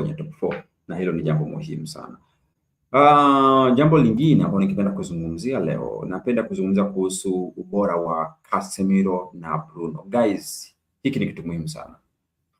kwenye top 4 na hilo ni jambo muhimu sana. Uh, jambo lingine ambalo nikipenda kuzungumzia leo, napenda kuzungumza kuhusu ubora wa Casemiro na Bruno. Guys, hiki ni kitu muhimu sana.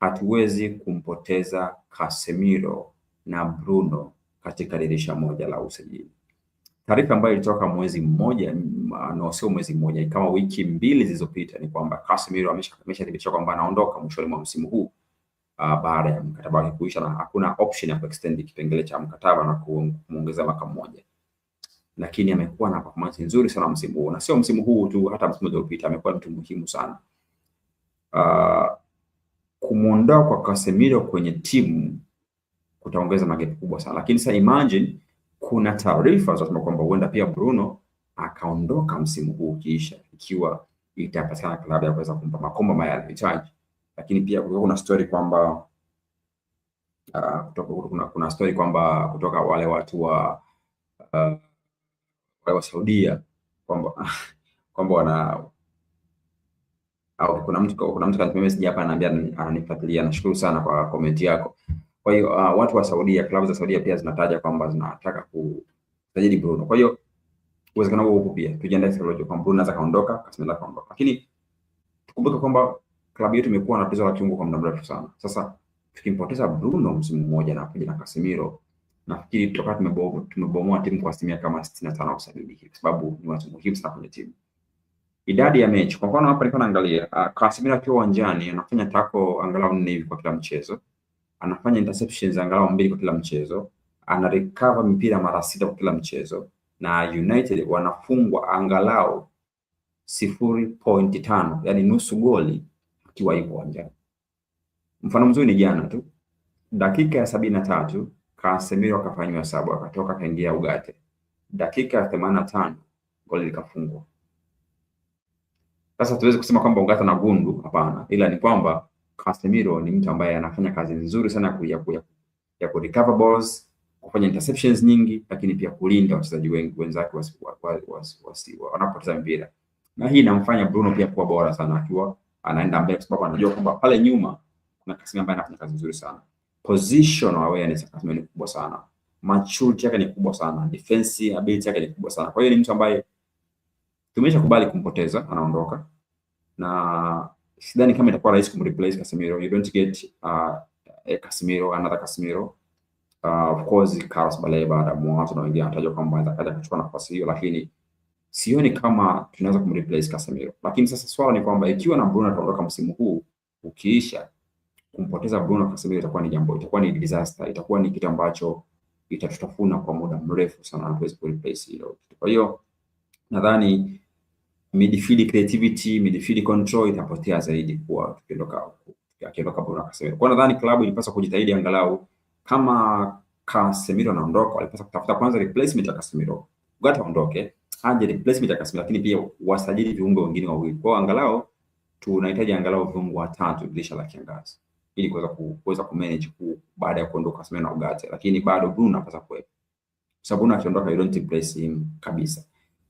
Hatuwezi kumpoteza Casemiro na Bruno katika dirisha moja la usajili. Taarifa ambayo ilitoka mwezi mmoja no, sio mwezi mmoja, kama wiki mbili zilizopita, ni kwamba Casemiro ameshathibitisha kwamba anaondoka mwishoni mwa msimu huu uh, baada ya mkataba wake kuisha, na hakuna option ya kuextend kipengele cha mkataba na kumuongezea mwaka mmoja. Lakini amekuwa na performance nzuri sana msimu huu, na sio msimu huu tu, hata msimu uliopita amekuwa mtu muhimu sana. Uh, kumuondoa kwa Casemiro kwenye timu kutaongeza mageni kubwa sana, lakini sasa imagine, kuna taarifa zinasema kwamba huenda pia Bruno akaondoka msimu huu ukiisha, ikiwa itapatikana klabu ya kuweza kumpa makombo ambayo anahitaji lakini pia kulikuwa kuna story kwamba uh, kutoka, kuna, kuna story kwamba kutoka wale watu wa uh, wale wa Saudia kwamba kwamba wana au kuna mtu kuna mtu kanipa message hapa ananiambia ananifuatilia, nashukuru sana kwa comment yako. Kwa hiyo uh, watu wa Saudia, klabu za Saudia pia zinataja kwamba zinataka kusajili Bruno. Kwa hiyo uwezekano huo upo pia, tujiandae saikolojia kwamba Bruno anaweza kaondoka, kasema la kaondoka, lakini tukumbuke kwamba klabu yetu imekuwa na tatizo la kiungo kwa muda mrefu sana. Sasa tukimpoteza Bruno msimu mmoja na kuja na Casemiro, nafikiri tutakuwa tumebomoa tumebomoa timu kwa asilimia kama 65 au 70 hivi, sababu ni watu muhimu sana kwenye timu. Idadi ya mechi, kwa mfano hapa nilikuwa naangalia uh, Casemiro akiwa uwanjani anafanya tako angalau nne hivi kwa kila mchezo, anafanya interceptions angalau mbili kwa kila mchezo, ana recover mpira mara sita kwa kila mchezo, na United wanafungwa angalau sifuri pointi tano, yani nusu goli akiwa yuko uwanjani. Mfano mzuri ni jana tu, dakika ya sabini na tatu Casemiro akafanyiwa sabu, akatoka akaingia Ugarte. Dakika ya themanini na tano goli likafungwa. Sasa tuweze kusema kwamba Ugarte na gundu, hapana, ila ni kwamba Casemiro ni mtu ambaye anafanya kazi nzuri sana ya ku ya ku recover balls, kufanya interceptions nyingi, lakini pia kulinda wachezaji wengi wenzake wanapoteza mpira, na hii inamfanya Bruno pia kuwa bora sana akiwa anaenda mbele kwa sababu anajua kwamba pale nyuma kuna Casemiro ambaye anafanya kazi nzuri sana. Positional awareness ya Casemiro ni kubwa sana, maturity yake ni kubwa sana, defensive ability yake ni kubwa sana. Kwa hiyo ni mtu ambaye tumeshakubali kumpoteza, anaondoka na sidhani kama itakuwa rahisi kumreplace Casemiro. You don't get uh, a Casemiro another Casemiro. Uh, of course Carlos Baleba, Adamu Watu na wengine wanatajwa kwamba anaweza kaja kuchukua nafasi hiyo, lakini sioni kama tunaweza kumreplace Casemiro, lakini sasa swala ni kwamba ikiwa na Bruno ataondoka msimu huu ukiisha, kumpoteza Bruno Casemiro itakuwa ni jambo, itakuwa ni disaster, itakuwa ni kitu ambacho itatutafuna kwa muda mrefu sana, na hatuwezi kureplace hilo. Kwa hiyo nadhani midfield creativity, midfield control itapotea zaidi kwa tukiondoka akiondoka Bruno Casemiro. Kwa nadhani klabu ilipaswa kujitahidi angalau kama Casemiro anaondoka, walipaswa kutafuta kwanza replacement ya Casemiro. Ugata aondoke aje replacement ya Casemiro, lakini pia wasajili viungo wengine wawili. Kwa angalau tunahitaji angalau viungo watatu dirisha la kiangazi ili kuweza kuweza ku manage ku baada ya kuondoka Casemiro na Ugarte, lakini bado Bruno anapaswa kuwepo, sababu Bruno akiondoka you don't replace him kabisa.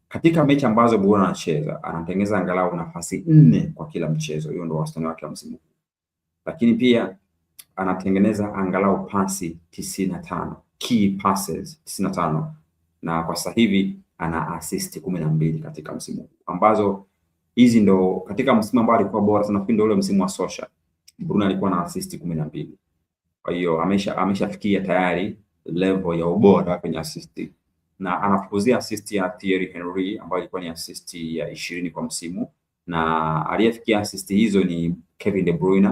Katika mechi ambazo Bruno anacheza anatengeneza angalau nafasi nne kwa kila mchezo, hiyo ndio wastani wake wa msimu huu, lakini pia anatengeneza angalau pasi 95 key passes 95 na kwa sasa hivi ana assist kumi na mbili katika msimu huu ambazo hizi ndo katika msimu ambao alikuwa bora sana, nafikiri ndo ule msimu wa Sosha, Bruno alikuwa na assist kumi na mbili. Kwa hiyo amesha ameshafikia tayari level ya ubora kwenye assist na anafukuzia assist ya Thierry Henry ambayo ilikuwa ni assist ya ishirini kwa msimu, na aliyefikia assist hizo ni Kevin De Bruyne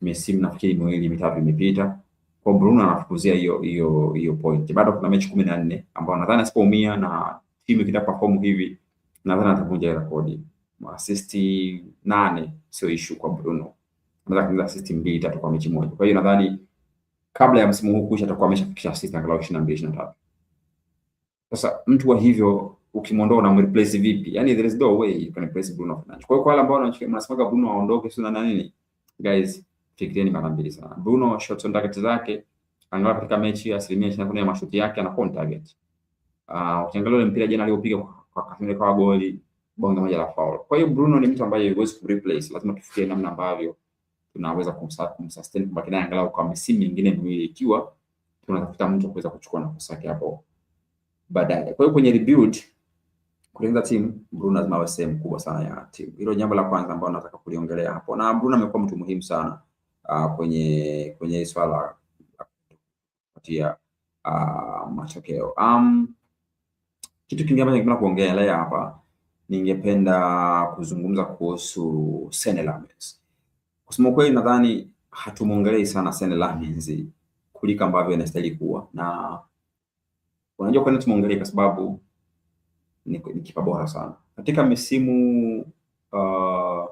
misimu nafikiri miwili mitatu imepita. Kwa Bruno anafukuzia hiyo hiyo hiyo point. Bado kuna mechi 14 ambao nne ambayo nadhani asipoumia na timu ikita ikitapafomu hivi nadhani atavunja rekodi. Assist nane sio issue kwa Bruno, anaweza kuingiza assist mbili tatu kwa mechi moja. Kwa hiyo nadhani kabla ya msimu huu kuisha atakuwa ameshafikisha assist angalau 22 23. Sasa mtu wa hivyo ukimwondoa na mreplace vipi? Yani there is no way you can replace Bruno Fernandes. Kwa hiyo kwa wale ambao wanachukia mnasemaga Bruno aondoke sio na nini, guys fikirieni mara mbili sana. Bruno shots on target zake angalau katika mechi asilimia 28 ya mashuti yake anakuwa on target. Uh, ukiangalia ule mpira jana aliopiga kwa Casemiro kwa goli bonge moja la foul. Kwa hiyo Bruno ni mtu ambaye huwezi kumreplace, lazima tufikie namna ambavyo tunaweza kumsustain kwa kina angalau kwa misimu mingine miwili ikiwa tunatafuta mtu kuweza kuchukua nafasi yake hapo baadaye. Kwa hiyo kwenye rebuild kutengeneza timu Bruno lazima awe sehemu kubwa sana ya timu. Hilo jambo la kwanza ambalo nataka kuliongelea hapo, na Bruno amekuwa mtu muhimu sana uh, kwenye kwenye swala la kupatia uh, ah, matokeo um, kitu kingine ambacho ningependa kuongelea hapa, ningependa kuzungumza kuhusu Senne Lammens. Kusema kweli, nadhani hatumuongelei sana Senne Lammens kuliko ambavyo inastahili kuwa, na unajua kwa nini tumwongelee? Kwa sababu ni, ni kipa bora sana katika misimu uh,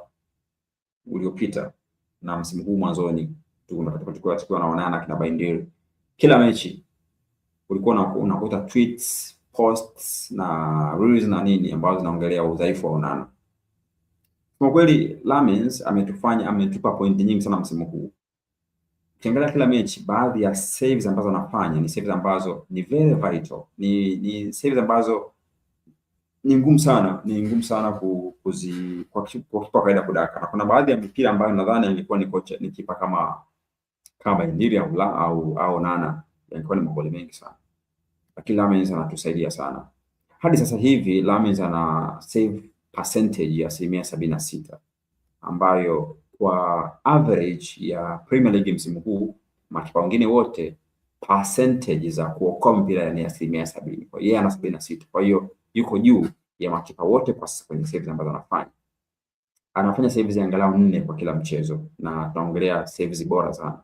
uliopita na msimu huu mwanzoni, tukiwa tukiwa naonana kina Baindiri, kila mechi ulikuwa unakuta tweets posts na reels na nini ambazo zinaongelea udhaifu wa Onana. Kwa kweli Lamins ametufanya ametupa pointi nyingi sana msimu huu. Ukiangalia kila mechi, baadhi ya saves ambazo anafanya ni saves ambazo ni very vital, ni ni saves ambazo ni ngumu sana, ni ngumu sana ku, kuzi kwa kwa kipa kaida kudaka, na kuna baadhi ya mipira ambayo nadhani ilikuwa ni kocha ni kipa kama kama Indiri au au Nana, yalikuwa ni magoli mengi sana lakini Lamens anatusaidia sana. Hadi sasa hivi Lamens ana save percentage ya asilimia sabini na sita ambayo kwa average ya Premier League msimu huu makipa wengine wote percentage za kuokoa mpira ni asilimia sabini. Kwa hiyo yeye ana sabini na sita, kwa hiyo yuko juu ya makipa wote kwa sasa kwenye saves ambazo anafanya. Anafanya saves angalau nne kwa kila mchezo, na tunaongelea saves bora sana,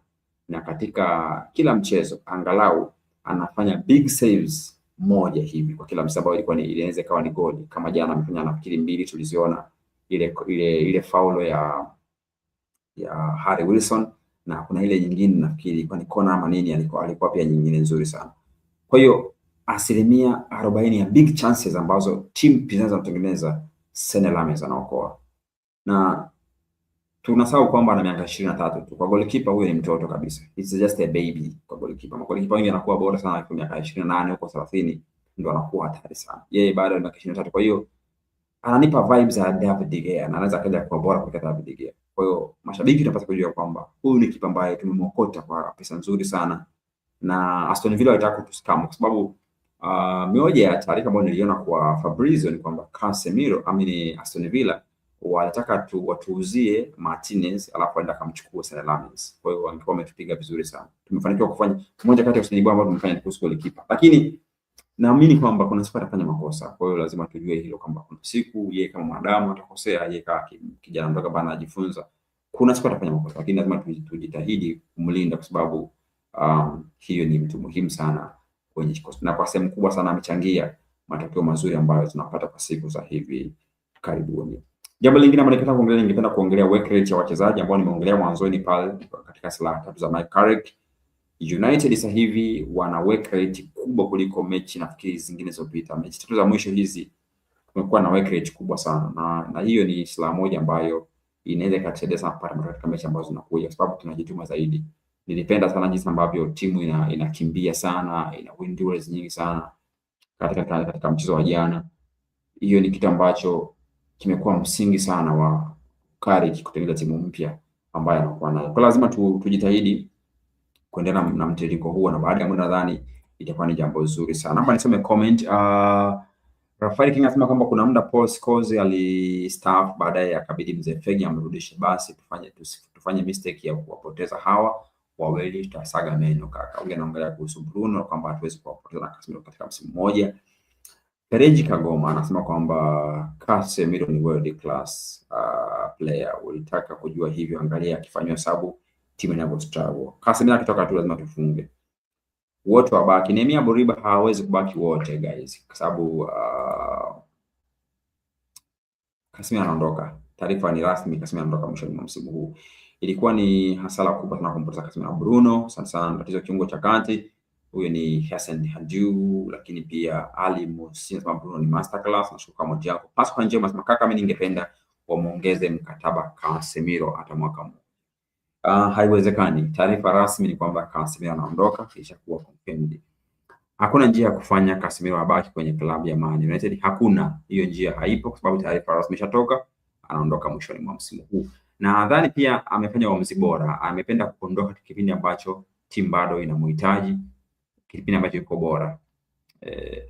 na katika kila mchezo angalau anafanya big saves moja hivi kwa kila msiba, ilikuwa ni inaweza ikawa ni goli. Kama jana amefanya nafikiri mbili, tuliziona ile ile ile faulo ya ya Harry Wilson na kuna ile nyingine nafikiri ilikuwa ni kona ama nini, alikuwa alikuwa pia nyingine nzuri sana. Kwa hiyo asilimia arobaini ya big chances ambazo timu pinzani zinatengeneza Senne Lammens anaokoa na tunasahau kwamba ana miaka 23 tu. Kwa goalkeeper huyo ni mtoto kabisa. It's just a baby kwa goalkeeper. Goalkeeper wengi anakuwa bora sana kwa miaka 28 huko 30 ndio anakuwa hatari sana. Yeye bado ana miaka 23 kwa hiyo ananipa vibes za David De Gea na anaweza kaja kuwa bora kuliko David De Gea. Kwa hiyo mashabiki tunapaswa kujua kwamba huyu ni kipa ambaye tumemwokota kwa pesa nzuri sana na Aston Villa walitaka kutuskama kwa sababu uh, mioja ya taarifa ambayo niliona kwa Fabrizio ni kwamba Casemiro amini Aston Villa walitaka tu watuuzie Martinez alafu aenda akamchukua Salah Lammins. Kwa hiyo wangekuwa wametupiga vizuri sana. Tumefanikiwa kufanya moja kati ya usajili ambao tumefanya ni kuhusu golikipa. Lakini naamini kwamba kuna siku atafanya makosa. Kwa hiyo lazima tujue hilo kwamba kuna siku yeye kama mwanadamu atakosea, yeye kama kijana mdogo bana anajifunza. Kuna siku atafanya makosa, lakini lazima tujitahidi kumlinda kwa sababu um, hiyo ni mtu muhimu sana kwenye kikosi. Na kwa sehemu kubwa sana amechangia matokeo mazuri ambayo tunapata kwa siku za hivi karibuni. Jambo lingine ambalo ningetaka kuongelea, ningependa kuongelea work rate ya wachezaji ambao nimeongelea mwanzoni pale katika silaha tatu za Mike Carrick. United sasa hivi wana work rate kubwa kuliko mechi nafikiri zingine zilizopita. Mechi tatu za mwisho hizi kumekuwa na work rate kubwa sana na, na hiyo ni silaha moja ambayo inaweza ikatusaidia sana kupata matokeo katika mechi ambazo zinakuja, kwa sababu tunajituma zaidi. Nilipenda sana jinsi ambavyo timu ina, inakimbia sana, ina win duels nyingi sana katika katika mchezo wa jana. Hiyo ni kitu ambacho kimekuwa msingi sana wa Carrick kutengeneza timu mpya ambayo anakuwa nayo. Kwa lazima tu, tujitahidi kuendelea na, mtiririko huo na baada ya muda nadhani itakuwa ni jambo zuri sana. Naomba niseme comment. Uh, Rafael King anasema kwamba kuna muda Paul Scholes alistaafu, baadaye akabidi mzee Fegi amrudishe. Basi tufanye tufanye mistake ya kuwapoteza hawa wawili, tutasaga meno kaka. Ongea naongelea kuhusu Bruno kwamba hatuwezi kuwapoteza na Casemiro katika msimu mmoja. Pereji Kagoma anasema kwamba Casemiro ni world class uh, player. Ulitaka kujua hivyo, angalia akifanywa sabu timu inavyo struggle. Casemiro akitoka tu lazima tufunge wote wabaki. Nehemia Boriba hawawezi kubaki wote guys, kwa sababu uh, Casemiro anaondoka. Taarifa ni rasmi, Casemiro anaondoka mwishoni mwa msimu huu. Ilikuwa ni hasara kubwa sana kumpoteza Casemiro. Bruno sana sana tatizo kiungo cha kati huyu ni Hassan Hadju, lakini pia Ali Muhsin Bruno ni masterclass. na Nashukuru moja yako Pascal Njema sema kaka, mimi ningependa wamuongeze mkataba Casemiro hata mwaka mmoja. Uh, haiwezekani. Taarifa rasmi ni kwamba Casemiro anaondoka, kisha kuwa confirmed. Hakuna njia ya kufanya Casemiro abaki kwenye klabu ya Man United, hakuna hiyo njia, haipo kwa sababu taarifa rasmi ishatoka, anaondoka mwishoni mwa msimu huu, na nadhani pia amefanya uamuzi bora, amependa kuondoka kipindi ambacho timu bado inamhitaji kipindi ambacho kiko bora. E,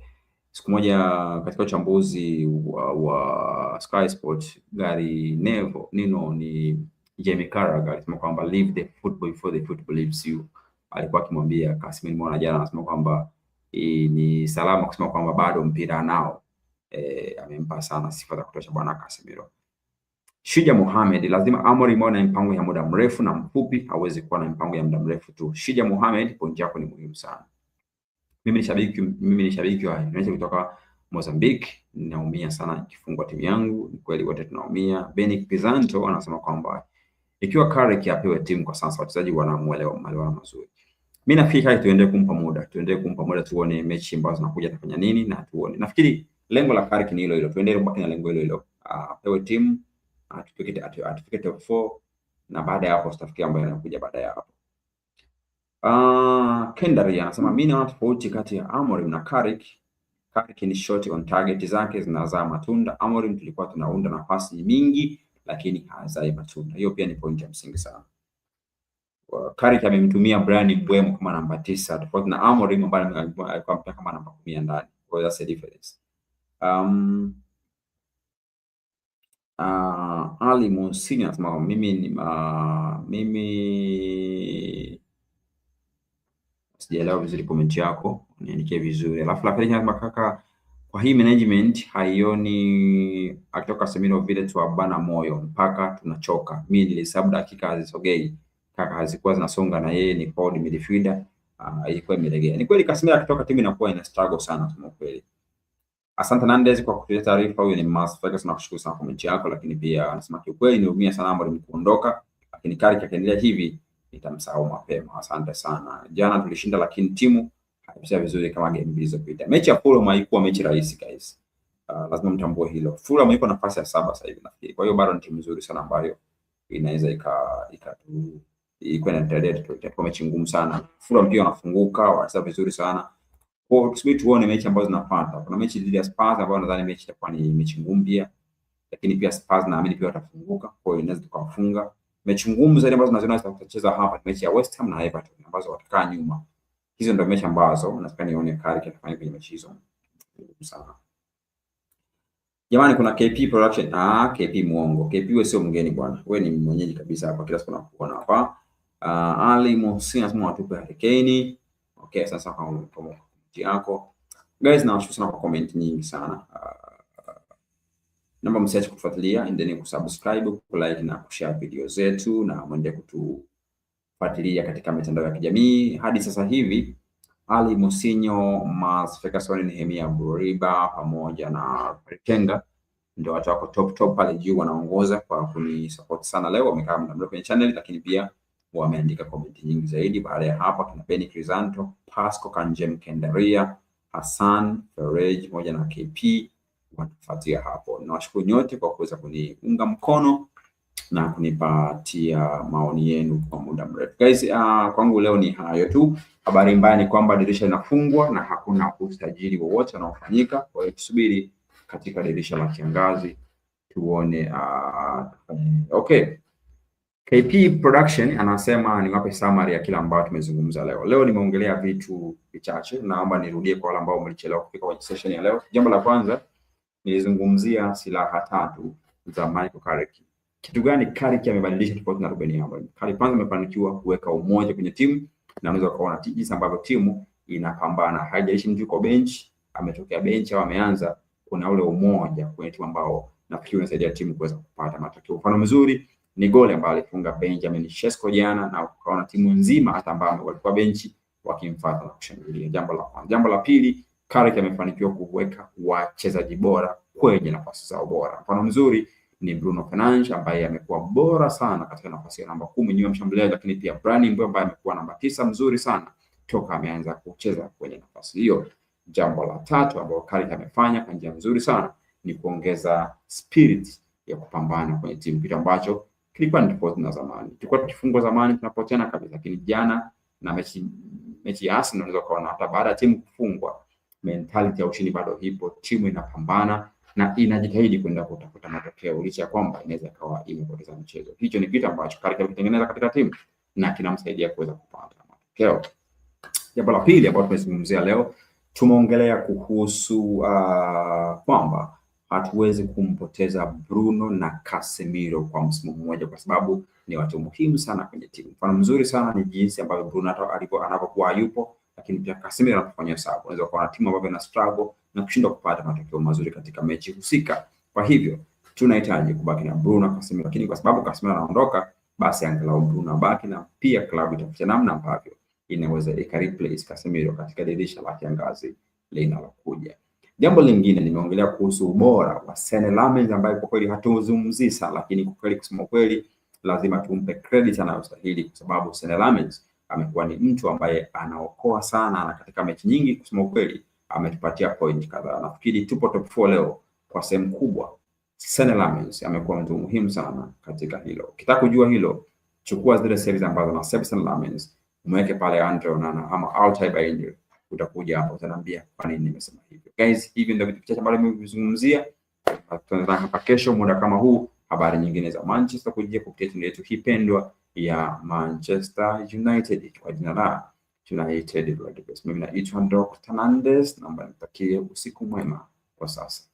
siku moja katika uchambuzi wa, wa Sky Sport gari Nevo Nino ni Jamie Carragher alisema kwamba leave the football before the football leaves you. Alikuwa akimwambia Kasimini mwana jana anasema kwamba ni salama kusema kwamba bado mpira anao. E, amempa sana sifa za kutosha bwana Casemiro. Shija Mohamed lazima Amori awe na mpango ya muda mrefu na mfupi, hawezi kuwa na mpango ya muda mrefu tu. Shija Mohamed, pointi yako ni muhimu sana mimi ni shabiki, mimi ni shabiki wa Indonesia kutoka Mozambique, ninaumia sana kifungwa timu yangu. Ni kweli wote tunaumia. Beni Pizanto anasema kwamba ikiwa Carrick apewe timu kwa sasa, wachezaji wanamuelewa maelewano mazuri. Mimi nafikiri tuendelee kumpa muda, tuendelee kumpa muda, tuone mechi ambazo zinakuja atafanya nini na tuone. Nafikiri lengo la Carrick ni hilo hilo, tuendelee kubaki na lengo hilo hilo, apewe timu, atufike top 4 na baada ya hapo tutafikia ambayo yanakuja baada ya hapo. Uh, ah, Kendari anasema mimi naona tofauti kati ya Amorim na Carrick. Carrick ni shot on target zake zinazaa matunda. Amorim tulikuwa tunaunda nafasi mingi lakini hazai matunda. Hiyo pia ni point ya msingi sana. Carrick amemtumia Bryan Mbeumo kama namba tisa tofauti na Amorim ambaye alikuwa mpaka kama namba 10 ndani. So that's the difference. Um, uh, Ali Monsini anasema mimi ni uh, mimi sijaelewa vizuri comment yako, niandikie vizuri. Alafu la pili nasema kaka, kwa hii management haioni akitoka Casemiro vile tu abana moyo mpaka tunachoka. Mimi nilihesabu dakika hazisogei kaka, hazikuwa zinasonga na yeye ni forward midfielder uh, ah, ilikuwa imelegea. Ni kweli Casemiro akitoka timu inakuwa ina struggle sana kwa kweli. Asante Nandez kwa kutuletea taarifa. Huyu ni Mas Vegas, nakushukuru sana comment yako, lakini pia anasema kiukweli niumia sana ambapo kuondoka, lakini Carrick akaendelea hivi nitamsahau mapema. Asante sana. Jana tulishinda, lakini timu haikucheza vizuri kama game zilizopita. Mechi ya Fulham haikuwa mechi rahisi guys. Uh, lazima mtambue hilo. Fulham ipo nafasi ya saba sasa hivi nafikiri. Kwa hiyo bado ni timu nzuri sana ambayo inaweza ika ikatu iko na tarehe tu itakuwa mechi ngumu sana. Fulham pia wanafunguka, wanacheza vizuri sana. Kwa hiyo tusubiri tuone mechi ambazo zinafuata. Kuna mechi dhidi ya Spurs ambayo nadhani mechi itakuwa ni mechi ngumu pia. Lakini pia Spurs naamini pia watafunguka, kwa hiyo inaweza tukawafunga. Mechi ngumu zaidi ambazo naziona zitacheza hapa ni mechi ya West Ham na Everton ambazo watakaa nyuma. Hizo ndio mechi ambazo nataka nione kari kinafanya kwenye mechi hizo. Sawa. Jamani kuna KP production. Ah, KP muongo. KP wewe sio mgeni bwana. Wewe ni mwenyeji kabisa hapa kila siku nakuona hapa. Uh, Ali Mohsin anasema watupe Harry Kane. Okay, sasa kwa kama yako. Guys, nawashukuru sana kwa comment nyingi sana. Uh, Naomba msiache kutufuatilia, endeni kusubscribe, kulike na kushare video zetu, na mwende kutufuatilia katika mitandao ya kijamii. Hadi sasa hivi Ali Musinyo, Mas Ferguson, Nehemia Buriba pamoja na Tenga ndio watu wako top top pale juu, wanaongoza kwa kunisupport sana. Leo wamekaa muda mrefu kwenye channel, lakini pia wameandika comment nyingi zaidi. Baada ya hapa, kuna Beni Crisanto, Pasco Kanjem, Kendaria Hassan Ferej pamoja na KP watufuatia hapo. Nawashukuru nyote kwa kuweza kuniunga mkono na kunipatia maoni yenu kwa muda mrefu. Guys, uh, kwangu leo ni hayo tu. Habari mbaya ni kwamba dirisha linafungwa na hakuna usajili wowote unaofanyika. Kwa hiyo tusubiri katika dirisha la kiangazi tuone. Uh, okay. KP Production anasema niwape summary ya kila ambayo tumezungumza leo. Leo nimeongelea vitu vichache, naomba nirudie kwa wale ambao mlichelewa kufika kwenye session ya leo. Jambo la kwanza nilizungumzia silaha tatu za Michael Carrick. Kitu gani Carrick amebadilisha tofauti na Ruben Amorim? Carrick kwanza amefanikiwa kuweka umoja kwenye timu na unaweza kuona jinsi ambavyo timu inapambana, haijalishi mtu yuko bench, ametokea bench au ameanza, kuna ule umoja kwenye timu ambao nafikiri unasaidia timu kuweza kupata matokeo. Mfano mzuri ni goli ambayo alifunga Benjamin Shesko jana, na ukaona timu nzima hata ambao walikuwa benchi wakimfuata na kushangilia. Jambo la kwanza. Jambo la pili Carrick amefanikiwa kuweka wachezaji bora kwenye nafasi zao bora. Mfano mzuri ni Bruno Fernandes ambaye amekuwa bora sana katika nafasi ya namba kumi nyuma mshambuliaji, lakini pia Bryan Mbeumo ambaye amekuwa namba tisa mzuri sana toka ameanza kucheza kwenye nafasi hiyo. Jambo la tatu ambalo Carrick amefanya kwa njia nzuri sana ni kuongeza spirit ya kupambana kwenye timu, kitu ambacho kilikuwa ni tofauti na zamani. Tulikuwa tukifungwa zamani tunapoteana kabisa, lakini jana na mechi mechi ya Arsenal unaweza kuona hata baada ya timu kufungwa mentality ya ushindi bado hipo, timu inapambana na inajitahidi kwenda kutafuta matokeo licha ya kwamba inaweza ikawa imepoteza mchezo. Hicho ni kitu ambacho Carrick amekitengeneza katika timu na kinamsaidia kuweza kupata matokeo. Jambo la pili ambalo tumezungumzia leo, tumeongelea kuhusu uh, kwamba hatuwezi kumpoteza Bruno na Casemiro kwa msimu mmoja, kwa sababu ni watu muhimu sana kwenye timu. Mfano mzuri sana ni jinsi ambavyo Bruno anapokuwa hayupo lakini pia Casemiro anapofanya sawa, unaweza kuwa na timu ambayo ina struggle na kushindwa kupata matokeo mazuri katika mechi husika. Kwa hivyo tunahitaji kubaki na Bruno Casemiro, lakini kwa sababu Casemiro anaondoka, basi angalau Bruno abaki, na pia klabu itafuta namna ambavyo inaweza ikareplace Casemiro katika dirisha la kiangazi linalokuja. Jambo lingine nimeongelea kuhusu ubora wa Senne Lammens ambaye kwa kweli hatuzungumzii sana, lakini kwa kweli kusema kweli lazima tumpe credit anayostahili kwa sababu Senne Lammens amekuwa ni mtu ambaye anaokoa sana, na katika mechi nyingi kusema ukweli ametupatia point kadhaa. Nafikiri tupo top 4 leo kwa sehemu kubwa. Senne Lammens amekuwa mtu muhimu sana katika hilo. Ukitaka kujua hilo, chukua zile series ambazo na Senne Lammens umweke pale Andre Onana ama Altay Bayindir, utakuja hapo utaniambia kwa nini nimesema hivyo. Guys, hivi ndio vitu vichache ambavyo nimezungumzia. Tutaanza hapa kesho muda kama huu, habari nyingine za Manchester kujia kupitia timu yetu hii pendwa ya Manchester United kwa jina la United Red Base. Mimi naitwa Ndok Tanandes, naomba nitakie usiku mwema kwa sasa.